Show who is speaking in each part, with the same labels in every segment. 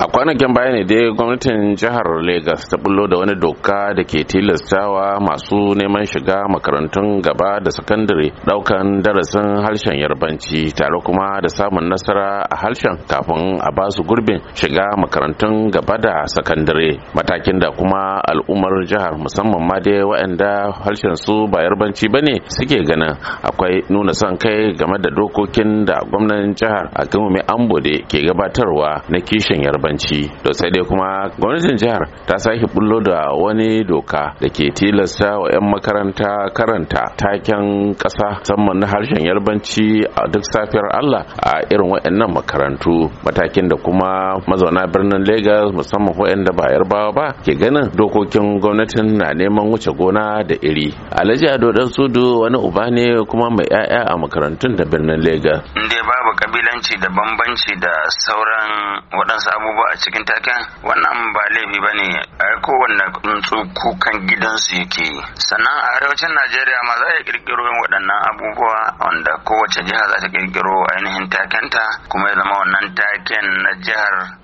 Speaker 1: a kwanakin baya ne dai gwamnatin jihar Legas ta bullo da wani doka da ke tilastawa masu neman shiga makarantun gaba da sakandare daukan darasin harshen yarbanci tare kuma da samun nasara a harshen kafin a ba su gurbin shiga makarantun gaba da sakandare matakin da kuma al'ummar jihar musamman ma dai waɗanda harshen su ba yarbanci ba ne suke ganin akwai nuna son kai game da dokokin da gwamnan jihar a ambode ke gabatarwa na kishin yarbanci bambanci to sai dai kuma gwamnatin jihar ta sake bullo da wani doka da ke tilasta wa 'yan makaranta karanta taken ƙasa musamman na harshen yarbanci a duk safiyar allah a irin wayannan makarantu matakin da kuma mazauna birnin lagos musamman waɗanda ba yarbawa ba ke ganin dokokin gwamnatin na neman wuce gona da iri alhaji ado dan sudu wani uba ne kuma mai 'ya'ya a makarantun da birnin lagos
Speaker 2: babu kabilanci da bambanci da sauran waɗansu abubuwa a cikin taken wannan ba laifi ba ne a kowanne tsuntsu kukan gidansu yake yi sannan a arewacin najeriya ma za a kirkiro waɗannan abubuwa wanda kowace jiha za ta kirkiro ainihin takenta kuma ya zama wannan taken na jihar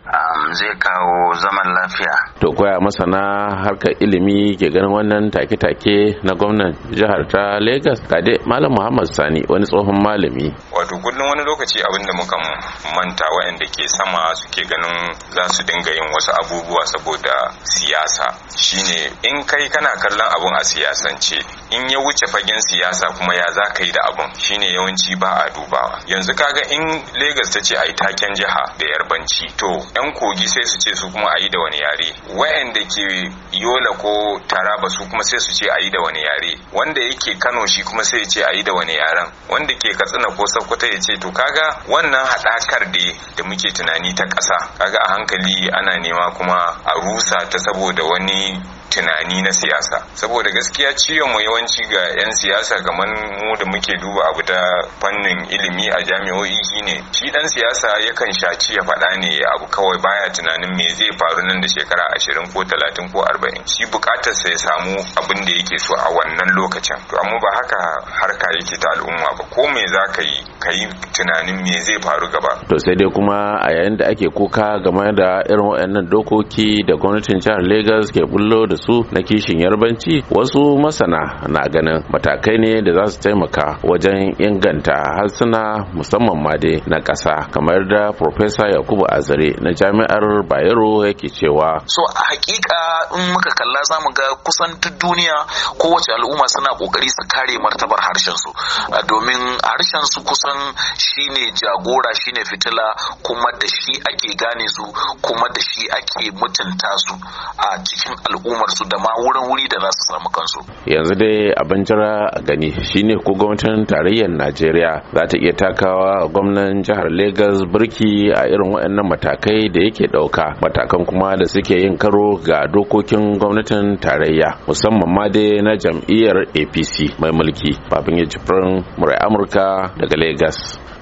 Speaker 2: zai kawo zaman lafiya.
Speaker 1: To koya masana harkar ilimi ke ganin wannan take-take na gwamnan jihar ta Legas kade Malam Muhammad Sani wani tsohon malami.
Speaker 3: Wato kullum wani lokaci abin da muka manta waɗanda ke sama suke ganin za su dinga yin wasu abubuwa saboda siyasa shine in kai kana kallon abun a siyasance in ya wuce fagen siyasa kuma ya za ka yi da abun shine yawanci ba a dubawa yanzu kaga in Legas ta ce a yi taken jiha da yarbanci to yan kogi sai su ce su kuma a yi da wani yare wayanda ke yola ko taraba su kuma sai su ce a yi da wani yare wanda yake kano shi kuma sai ya ce a yi da wani yaren wanda ke katsina ko sokoto ya ce to kaga wannan haɗakar da da muke tunani ta ƙasa kaga a hankali ana nema kuma a rusa ta saboda wani tunani na siyasa saboda gaskiya ciwon mu yawanci ga 'yan siyasa kamar mu da muke duba abu ta fannin ilimi a jami'o'i shine shi dan siyasa yakan shaci ya faɗa ne abu kawai baya tunanin me zai faru nan da shekara ashirin ko talatin ko arba'in shi bukatarsa ya samu abin da yake so a wannan lokacin to amma ba haka harka yake ta al'umma ba ko me za ka yi ka yi tunanin me zai faru gaba
Speaker 1: to sai dai kuma a yayin da ake kuka game da irin waɗannan dokoki da gwamnatin jihar lagos ke bullo da su na kishin yarbanci wasu masana na ganin matakai ne da za su taimaka wajen inganta harsuna musamman ma dai na ƙasa kamar da Profesa Yakubu Azare na Jami'ar Bayero yake cewa. So a hakika in muka kalla za mu ga kusan duk duniya kowace al'umma suna kokari su kare martabar harshen su domin harshen su kusan shine jagora shine fitila kuma da shi ake gane su kuma da shi ake mutunta su a cikin al'ummar kansu da ma wurin wuri da za su samu kansu yanzu dai abin jira a gani shine ko gwamnatin tarayyar najeriya za ta iya takawa gwamnan jihar Legas birki a irin waɗannan matakai da yake ɗauka matakan kuma da suke yin karo ga dokokin gwamnatin tarayya musamman ma dai na jam'iyyar apc mai mulki babin ya murai amurka daga Legas.